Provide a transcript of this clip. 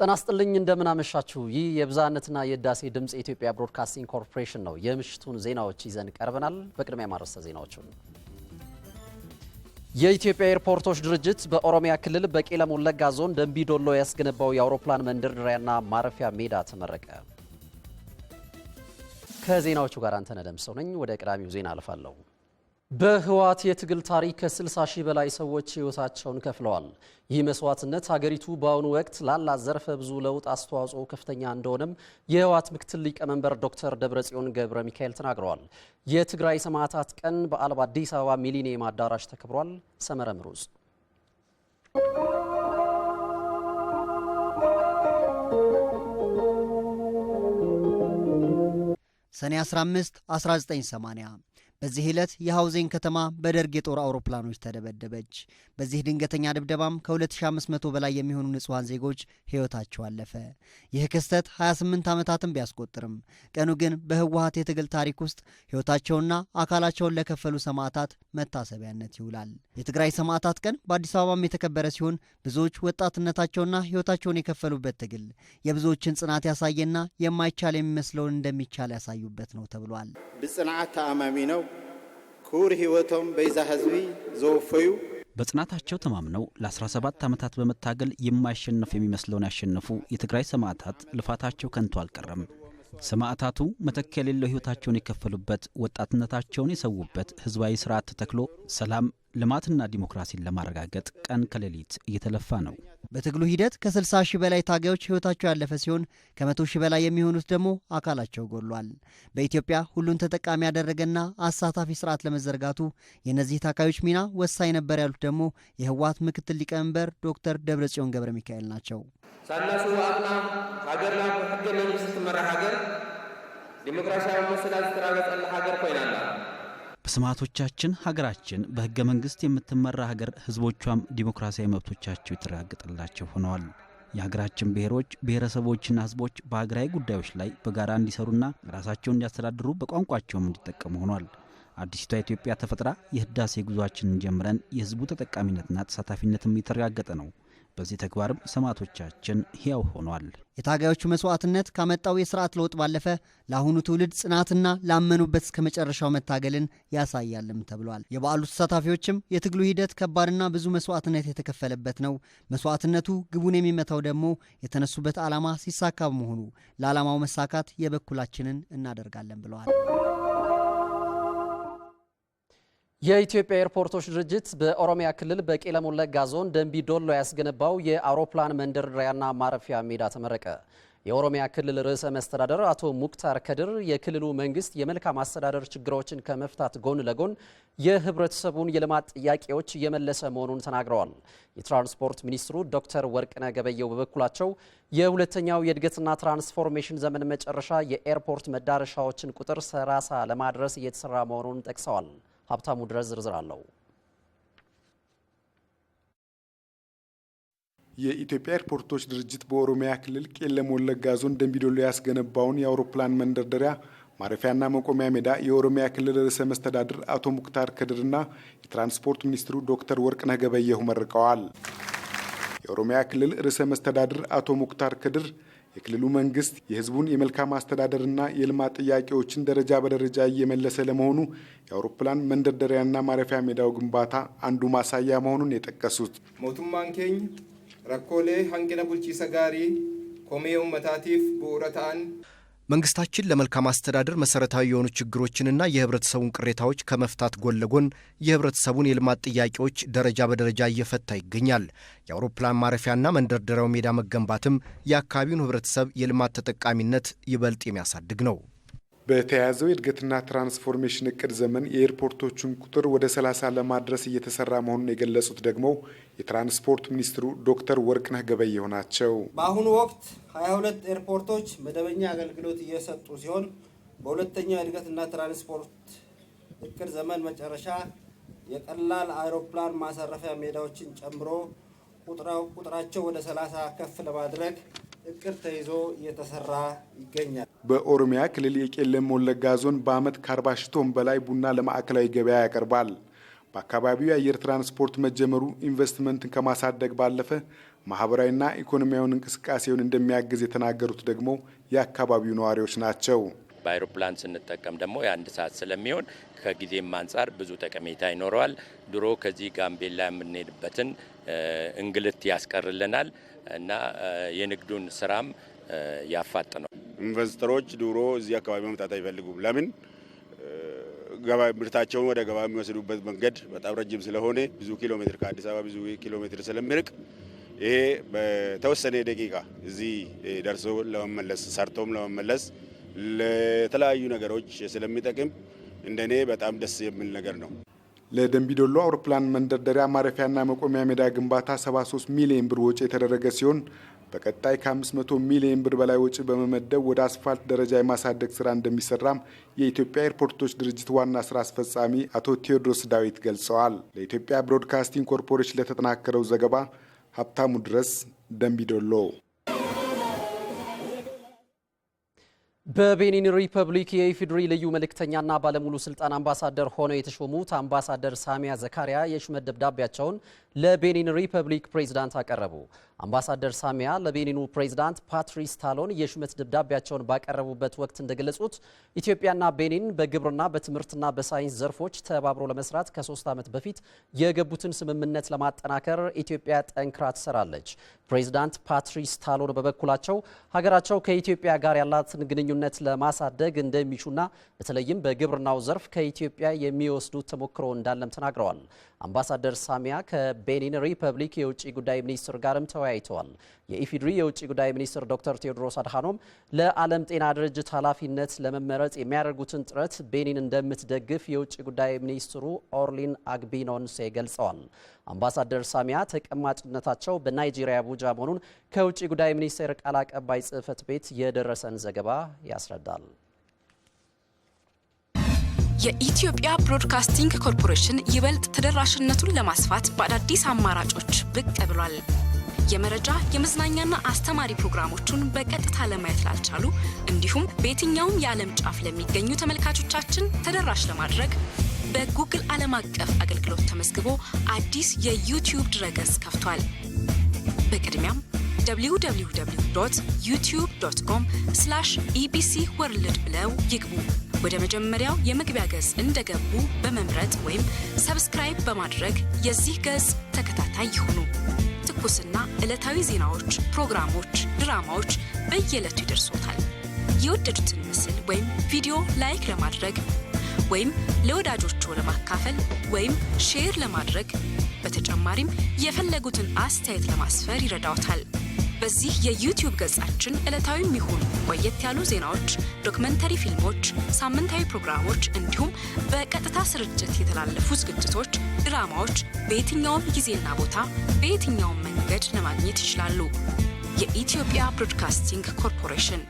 ጤና ይስጥልኝ እንደምናመሻችሁ። ይህ የብዝሃነትና የህዳሴ ድምፅ የኢትዮጵያ ብሮድካስቲንግ ኮርፖሬሽን ነው። የምሽቱን ዜናዎች ይዘን ቀርበናል። በቅድሚያ ማረሰ ዜናዎቹን የኢትዮጵያ ኤርፖርቶች ድርጅት በኦሮሚያ ክልል በቄለም ወለጋ ዞን ደንቢዶሎ ያስገነባው የአውሮፕላን መንደርደሪያና ማረፊያ ሜዳ ተመረቀ። ከዜናዎቹ ጋር አንተነህ ደምሰው ነኝ። ወደ ቀዳሚው ዜና አልፋለሁ። በህወሓት የትግል ታሪክ ከ60 ሺህ በላይ ሰዎች ህይወታቸውን ከፍለዋል። ይህ መስዋዕትነት ሀገሪቱ በአሁኑ ወቅት ላላት ዘርፈ ብዙ ለውጥ አስተዋጽኦ ከፍተኛ እንደሆነም የህወሓት ምክትል ሊቀመንበር ዶክተር ደብረጽዮን ገብረ ሚካኤል ተናግረዋል። የትግራይ ሰማዕታት ቀን በዓል በአዲስ አበባ ሚሊኒየም አዳራሽ ተከብሯል። ሰመረ ምሩጽ ሰኔ 15 1980 በዚህ ዕለት የሐውዜን ከተማ በደርግ የጦር አውሮፕላኖች ተደበደበች። በዚህ ድንገተኛ ድብደባም ከ2500 በላይ የሚሆኑ ንጹሐን ዜጎች ሕይወታቸው አለፈ። ይህ ክስተት 28 ዓመታትን ቢያስቆጥርም ቀኑ ግን በህወሀት የትግል ታሪክ ውስጥ ሕይወታቸውና አካላቸውን ለከፈሉ ሰማዕታት መታሰቢያነት ይውላል። የትግራይ ሰማዕታት ቀን በአዲስ አበባም የተከበረ ሲሆን ብዙዎች ወጣትነታቸውና ሕይወታቸውን የከፈሉበት ትግል የብዙዎችን ጽናት ያሳየና የማይቻል የሚመስለውን እንደሚቻል ያሳዩበት ነው ተብሏል። ብጽንዓት ተአማሚ ነው ክቡር ህይወቶም በይዛ ህዝቢ ዘወፈዩ በጽናታቸው ተማምነው ለ17 ዓመታት በመታገል የማይሸነፍ የሚመስለውን ያሸነፉ የትግራይ ሰማዕታት ልፋታቸው ከንቱ አልቀረም። ሰማዕታቱ መተኪያ የሌለው ሕይወታቸውን የከፈሉበት፣ ወጣትነታቸውን የሰዉበት ህዝባዊ ስርዓት ተተክሎ ሰላም፣ ልማትና ዲሞክራሲን ለማረጋገጥ ቀን ከሌሊት እየተለፋ ነው። በትግሉ ሂደት ከ60 ሺህ በላይ ታጋዮች ሕይወታቸው ያለፈ ሲሆን ከ100 ሺህ በላይ የሚሆኑት ደግሞ አካላቸው ጎሏል። በኢትዮጵያ ሁሉን ተጠቃሚ ያደረገና አሳታፊ ስርዓት ለመዘርጋቱ የእነዚህ ታጋዮች ሚና ወሳኝ ነበር ያሉት ደግሞ የህወሓት ምክትል ሊቀመንበር ዶክተር ደብረጽዮን ገብረ ሚካኤል ናቸው። ሳናሱ አቅና ሀገርና ሕገ መንግስት ትመራ ሀገር ዲሞክራሲያዊ መስላ ዝተራገጸላ ሀገር ኮይናላ በስማቶቻችን ሀገራችን በህገ መንግስት የምትመራ ሀገር ህዝቦቿም ዲሞክራሲያዊ መብቶቻቸው የተረጋገጠላቸው ሆነዋል። የሀገራችን ብሔሮች፣ ብሔረሰቦችና ህዝቦች በሀገራዊ ጉዳዮች ላይ በጋራ እንዲሰሩና ራሳቸውን እንዲያስተዳድሩ በቋንቋቸውም እንዲጠቀሙ ሆኗል። አዲሲቷ ኢትዮጵያ ተፈጥራ የህዳሴ ጉዟችንን ጀምረን የህዝቡ ተጠቃሚነትና ተሳታፊነትም የተረጋገጠ ነው። በዚህ ተግባርም ሰማዕቶቻችን ሕያው ሆኗል። የታጋዮቹ መስዋዕትነት ካመጣው የስርዓት ለውጥ ባለፈ ለአሁኑ ትውልድ ጽናትና ላመኑበት እስከ መጨረሻው መታገልን ያሳያልም ተብሏል። የበዓሉ ተሳታፊዎችም የትግሉ ሂደት ከባድና ብዙ መስዋዕትነት የተከፈለበት ነው፣ መስዋዕትነቱ ግቡን የሚመታው ደግሞ የተነሱበት ዓላማ ሲሳካ በመሆኑ ለዓላማው መሳካት የበኩላችንን እናደርጋለን ብለዋል። የኢትዮጵያ ኤርፖርቶች ድርጅት በኦሮሚያ ክልል በቄለም ወለጋ ዞን ደንቢ ዶሎ ያስገነባው የአውሮፕላን መንደርደሪያና ማረፊያ ሜዳ ተመረቀ። የኦሮሚያ ክልል ርዕሰ መስተዳደር አቶ ሙክታር ከድር የክልሉ መንግስት የመልካም አስተዳደር ችግሮችን ከመፍታት ጎን ለጎን የህብረተሰቡን የልማት ጥያቄዎች እየመለሰ መሆኑን ተናግረዋል። የትራንስፖርት ሚኒስትሩ ዶክተር ወርቅነህ ገበየሁ በበኩላቸው የሁለተኛው የእድገትና ትራንስፎርሜሽን ዘመን መጨረሻ የኤርፖርት መዳረሻዎችን ቁጥር ሰላሳ ለማድረስ እየተሰራ መሆኑን ጠቅሰዋል። ሀብታሙ ድረስ ዝርዝር አለው። የኢትዮጵያ ኤርፖርቶች ድርጅት በኦሮሚያ ክልል ቄለም ወለጋ ዞን ደንቢዶሎ ያስገነባውን የአውሮፕላን መንደርደሪያ ማረፊያና መቆሚያ ሜዳ የኦሮሚያ ክልል ርዕሰ መስተዳድር አቶ ሙክታር ከድርና የትራንስፖርት ሚኒስትሩ ዶክተር ወርቅነህ ገበየሁ መርቀዋል። የኦሮሚያ ክልል ርዕሰ መስተዳድር አቶ ሙክታር ከድር የክልሉ መንግስት የህዝቡን የመልካም አስተዳደርና የልማት ጥያቄዎችን ደረጃ በደረጃ እየመለሰ ለመሆኑ የአውሮፕላን መንደርደሪያና ማረፊያ ሜዳው ግንባታ አንዱ ማሳያ መሆኑን የጠቀሱት ሞቱማን ኬኝ ረኮሌ ሀንቅነ ቡልቺሰ ጋሪ ኮሜ ኡመታቲፍ መንግስታችን ለመልካም አስተዳደር መሰረታዊ የሆኑ ችግሮችንና የህብረተሰቡን ቅሬታዎች ከመፍታት ጎን ለጎን የህብረተሰቡን የልማት ጥያቄዎች ደረጃ በደረጃ እየፈታ ይገኛል። የአውሮፕላን ማረፊያና መንደርደሪያው ሜዳ መገንባትም የአካባቢውን ህብረተሰብ የልማት ተጠቃሚነት ይበልጥ የሚያሳድግ ነው። በተያያዘው የእድገትና ትራንስፎርሜሽን እቅድ ዘመን የኤርፖርቶቹን ቁጥር ወደ 30 ለማድረስ እየተሰራ መሆኑን የገለጹት ደግሞ የትራንስፖርት ሚኒስትሩ ዶክተር ወርቅነህ ገበየሁ ናቸው። በአሁኑ ወቅት 22 ኤርፖርቶች መደበኛ አገልግሎት እየሰጡ ሲሆን በሁለተኛው የእድገትና ትራንስፖርት እቅድ ዘመን መጨረሻ የቀላል አውሮፕላን ማሳረፊያ ሜዳዎችን ጨምሮ ቁጥራቸው ወደ 30 ከፍ ለማድረግ እቅድ ተይዞ እየተሰራ ይገኛል። በኦሮሚያ ክልል የቄለም ወለጋ ዞን በአመት ከአርባ ሺህ ቶን በላይ ቡና ለማዕከላዊ ገበያ ያቀርባል። በአካባቢው የአየር ትራንስፖርት መጀመሩ ኢንቨስትመንትን ከማሳደግ ባለፈ ማህበራዊና ኢኮኖሚያዊን እንቅስቃሴውን እንደሚያግዝ የተናገሩት ደግሞ የአካባቢው ነዋሪዎች ናቸው። በአይሮፕላን ስንጠቀም ደግሞ የአንድ ሰዓት ስለሚሆን ከጊዜም አንጻር ብዙ ጠቀሜታ ይኖረዋል። ድሮ ከዚህ ጋምቤላ የምንሄድበትን እንግልት ያስቀርልናል። እና የንግዱን ስራም ያፋጥ ነው። ኢንቨስተሮች ድሮ እዚህ አካባቢ መምጣት አይፈልጉም። ለምን? ምርታቸውን ወደ ገባ የሚወስዱበት መንገድ በጣም ረጅም ስለሆነ ብዙ ኪሎ ሜትር ከአዲስ አበባ ብዙ ኪሎ ሜትር ስለሚርቅ ይሄ በተወሰነ ደቂቃ እዚህ ደርሶ ለመመለስ ሰርቶም ለመመለስ ለተለያዩ ነገሮች ስለሚጠቅም እንደኔ በጣም ደስ የሚል ነገር ነው። ለደንቢዶሎ አውሮፕላን መንደርደሪያ ማረፊያና መቆሚያ ሜዳ ግንባታ 73 ሚሊዮን ብር ወጪ የተደረገ ሲሆን በቀጣይ ከ500 ሚሊዮን ብር በላይ ወጪ በመመደብ ወደ አስፋልት ደረጃ የማሳደግ ስራ እንደሚሰራም የኢትዮጵያ ኤርፖርቶች ድርጅት ዋና ስራ አስፈጻሚ አቶ ቴዎድሮስ ዳዊት ገልጸዋል። ለኢትዮጵያ ብሮድካስቲንግ ኮርፖሬሽን ለተጠናከረው ዘገባ ሀብታሙ ድረስ ደንቢዶሎ በቤኒን ሪፐብሊክ የኢፌዴሪ ልዩ መልእክተኛና ባለሙሉ ስልጣን አምባሳደር ሆነው የተሾሙት አምባሳደር ሳሚያ ዘካሪያ የሹመት ደብዳቤያቸውን ለቤኒን ሪፐብሊክ ፕሬዝዳንት አቀረቡ። አምባሳደር ሳሚያ ለቤኒኑ ፕሬዝዳንት ፓትሪስ ታሎን የሹመት ደብዳቤያቸውን ባቀረቡበት ወቅት እንደገለጹት ኢትዮጵያና ቤኒን በግብርና በትምህርትና በሳይንስ ዘርፎች ተባብሮ ለመስራት ከሶስት ዓመት በፊት የገቡትን ስምምነት ለማጠናከር ኢትዮጵያ ጠንክራ ትሰራለች። ፕሬዝዳንት ፓትሪስ ታሎን በበኩላቸው ሀገራቸው ከኢትዮጵያ ጋር ያላትን ግንኙነት ለማሳደግ እንደሚሹና በተለይም በግብርናው ዘርፍ ከኢትዮጵያ የሚወስዱ ተሞክሮ እንዳለም ተናግረዋል። አምባሳደር ሳሚያ ከቤኒን ሪፐብሊክ የውጭ ጉዳይ ሚኒስትር ጋርም ተወያይተዋል። የኢፌዴሪ የውጭ ጉዳይ ሚኒስትር ዶክተር ቴዎድሮስ አድሃኖም ለዓለም ጤና ድርጅት ኃላፊነት ለመመረጥ የሚያደርጉትን ጥረት ቤኒን እንደምትደግፍ የውጭ ጉዳይ ሚኒስትሩ ኦርሊን አግቢኖንሴ ገልጸዋል። አምባሳደር ሳሚያ ተቀማጭነታቸው በናይጄሪያ አቡጃ መሆኑን ከውጭ ጉዳይ ሚኒስቴር ቃል አቀባይ ጽህፈት ቤት የደረሰን ዘገባ ያስረዳል። የኢትዮጵያ ብሮድካስቲንግ ኮርፖሬሽን ይበልጥ ተደራሽነቱን ለማስፋት በአዳዲስ አማራጮች ብቅ ብሏል። የመረጃ የመዝናኛና አስተማሪ ፕሮግራሞቹን በቀጥታ ለማየት ላልቻሉ እንዲሁም በየትኛውም የዓለም ጫፍ ለሚገኙ ተመልካቾቻችን ተደራሽ ለማድረግ በጉግል ዓለም አቀፍ አገልግሎት ተመዝግቦ አዲስ የዩቲዩብ ድረገጽ ከፍቷል። በቅድሚያም www ዩቲዩብ ኮም ኢቢሲ ወርልድ ብለው ይግቡ። ወደ መጀመሪያው የመግቢያ ገጽ እንደገቡ በመምረጥ ወይም ሰብስክራይብ በማድረግ የዚህ ገጽ ተከታታይ ይሁኑ። ትኩስና ዕለታዊ ዜናዎች፣ ፕሮግራሞች፣ ድራማዎች በየዕለቱ ይደርሶታል። የወደዱትን ምስል ወይም ቪዲዮ ላይክ ለማድረግ ወይም ለወዳጆቹ ለማካፈል ወይም ሼር ለማድረግ በተጨማሪም የፈለጉትን አስተያየት ለማስፈር ይረዳውታል። በዚህ የዩቲዩብ ገጻችን ዕለታዊ የሚሆኑ ቆየት ያሉ ዜናዎች፣ ዶክመንተሪ ፊልሞች፣ ሳምንታዊ ፕሮግራሞች እንዲሁም በቀጥታ ስርጭት የተላለፉ ዝግጅቶች፣ ድራማዎች በየትኛውም ጊዜና ቦታ በየትኛውም መንገድ ለማግኘት ይችላሉ። የኢትዮጵያ ብሮድካስቲንግ ኮርፖሬሽን